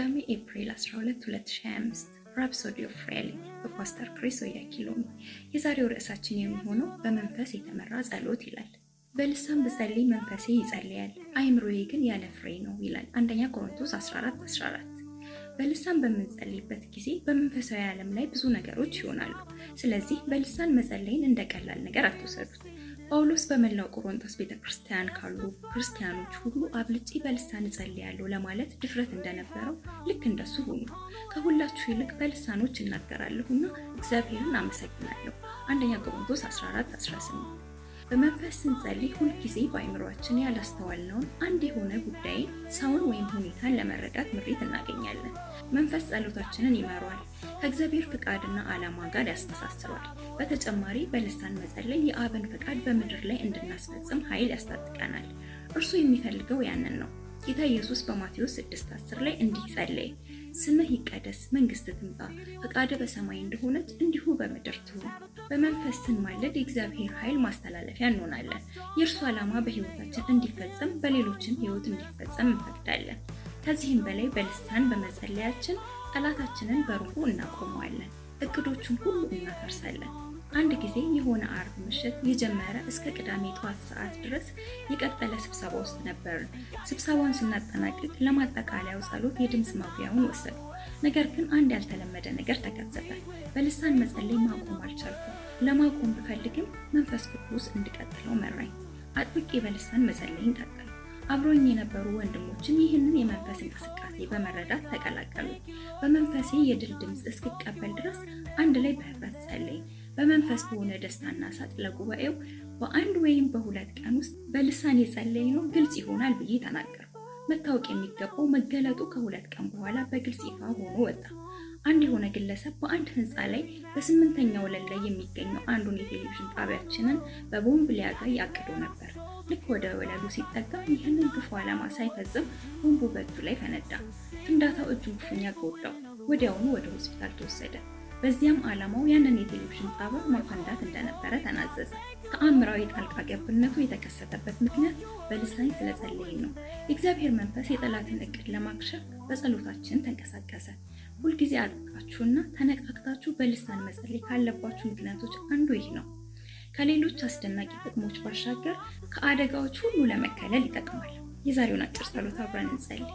ቅዳሜ ኤፕሪል 12 2025 ራፕሶዲ ኦፍ ሪያሊቲ በፓስተር ክሪስ ኦያኪሎሜ። የዛሬው ርዕሳችን የሚሆነው በመንፈስ የተመራ ጸሎት ይላል። በልሳን ብጸልይ መንፈሴ ይጸልያል፣ አይምሮዬ ግን ያለ ፍሬ ነው ይላል አንደኛ ቆሮንቶስ 14 14። በልሳን በምንጸልይበት ጊዜ በመንፈሳዊ ዓለም ላይ ብዙ ነገሮች ይሆናሉ። ስለዚህ በልሳን መጸለይን እንደ ቀላል ነገር አትውሰዱት። ጳውሎስ በመላው ቆሮንቶስ ቤተ ክርስቲያን ካሉ ክርስቲያኖች ሁሉ አብልጬ በልሳን እጸልያለሁ ለማለት ድፍረት እንደነበረው ልክ እንደሱ ሆኑ። ከሁላችሁ ይልቅ በልሳኖች እናገራለሁና እግዚአብሔርን አመሰግናለሁ። አንደኛ ቆሮንቶስ 14 18 በመንፈስ ስንጸልይ ሁልጊዜ በአይምሯችን ያላስተዋልነውን አንድ የሆነ ጉዳይን፣ ሰውን ወይም ሁኔታን ለመረዳት ምሪት እናገኛለን። መንፈስ ጸሎታችንን ይመሯል ከእግዚአብሔር ፍቃድና ዓላማ ጋር ያስተሳስሯል። በተጨማሪ በልሳን መጸለይ የአብን ፍቃድ በምድር ላይ እንድናስፈጽም ኃይል ያስታጥቀናል። እርሱ የሚፈልገው ያንን ነው። ጌታ ኢየሱስ በማቴዎስ 6:10 ላይ እንዲህ ጸለየ፣ ስምህ ይቀደስ፣ መንግስት ትምጣ፣ ፈቃደ በሰማይ እንደሆነች እንዲሁ በምድር ትሁን። በመንፈስ ማለድ የእግዚአብሔር ኃይል ማስተላለፊያ እንሆናለን። የእርሱ ዓላማ በህይወታችን እንዲፈጸም፣ በሌሎችም ህይወት እንዲፈጸም እንፈቅዳለን። ከዚህም በላይ በልሳን በመጸለያችን ጠላታችንን በሩቁ እናቆመዋለን፣ እቅዶቹን ሁሉ እናፈርሳለን። አንድ ጊዜ የሆነ አርብ ምሽት የጀመረ እስከ ቅዳሜ ጠዋት ሰዓት ድረስ የቀጠለ ስብሰባ ውስጥ ነበርን። ስብሰባውን ስናጠናቅቅ ለማጠቃለያው ጸሎት የድምፅ ማጉያውን ወሰዱ። ነገር ግን አንድ ያልተለመደ ነገር ተከሰተ። በልሳን መጸለይ ማቆም አልቻልኩ። ለማቆም ብፈልግም መንፈስ ቅዱስ እንድቀጥለው መራኝ። አጥብቄ በልሳን መጸለይን ቀጠልኩ። አብሮኝ የነበሩ ወንድሞችም ይህንን የመንፈስ እንቅስቃሴ በመረዳት ተቀላቀሉ። በመንፈሴ የድል ድምፅ እስክቀበል ድረስ አንድ ላይ በመንፈስ በሆነ ደስታና ሳቅ ለጉባኤው በአንድ ወይም በሁለት ቀን ውስጥ በልሳን ነው ግልጽ ይሆናል ብዬ ተናገርኩ። መታወቅ የሚገባው መገለጡ ከሁለት ቀን በኋላ በግልጽ ይፋ ሆኖ ወጣ። አንድ የሆነ ግለሰብ በአንድ ህንፃ ላይ በስምንተኛ ወለል ላይ የሚገኘው አንዱን የቴሌቪዥን ጣቢያችንን በቦምብ ሊያጋይ ያቅዶ ነበር። ልክ ወደ ወለሉ ሲጠጋ ይህንን ክፉ ዓላማ ሳይፈጽም ቦምቡ በእጁ ላይ ፈነዳ። ፍንዳታው እጁን ክፉኛ ጎዳው። ወዲያውኑ ወደ ሆስፒታል ተወሰደ። በዚያም ዓላማው ያንን የቴሌቪዥን ጣቢያ ማፈንዳት እንደነበረ ተናዘዘ። ተአምራዊ ጣልቃ ገብነቱ የተከሰተበት ምክንያት በልሳኝ ስለጸለይን ነው። የእግዚአብሔር መንፈስ የጠላትን እቅድ ለማክሸፍ በጸሎታችን ተንቀሳቀሰ። ሁልጊዜ አጥብቃችሁና ተነቃቅታችሁ በልሳን መጸለይ ካለባችሁ ምክንያቶች አንዱ ይህ ነው። ከሌሎች አስደናቂ ጥቅሞች ባሻገር ከአደጋዎች ሁሉ ለመከለል ይጠቅማል። የዛሬውን አጭር ጸሎት አብረን እንጸልይ።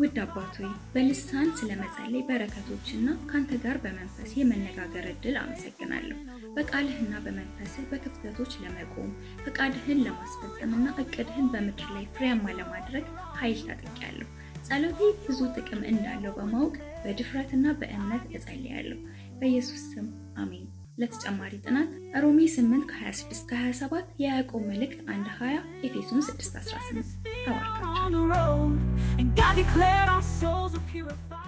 ውድ አባት ሆይ በልሳን በረከቶች በረከቶችና ካንተ ጋር በመንፈስ የመነጋገር እድል አመሰግናለሁ። በቃልህና በመንፈስህ በክፍተቶች ለመቆም ፈቃድህን ለማስፈጸምና እቅድህን በምድር ላይ ፍሬያማ ለማድረግ ኃይል ታጥቂያለሁ። ጸሎቴ ብዙ ጥቅም እንዳለው በማወቅ በድፍረትና በእምነት እጸልያለሁ። በኢየሱስ ስም አሜን። ለተጨማሪ ጥናት ሮሜ 8 26 27፣ የያዕቆብ መልእክት 1 20፣ ኤፌሶን 6 18 ተባርካቸው። God declared our souls are purified.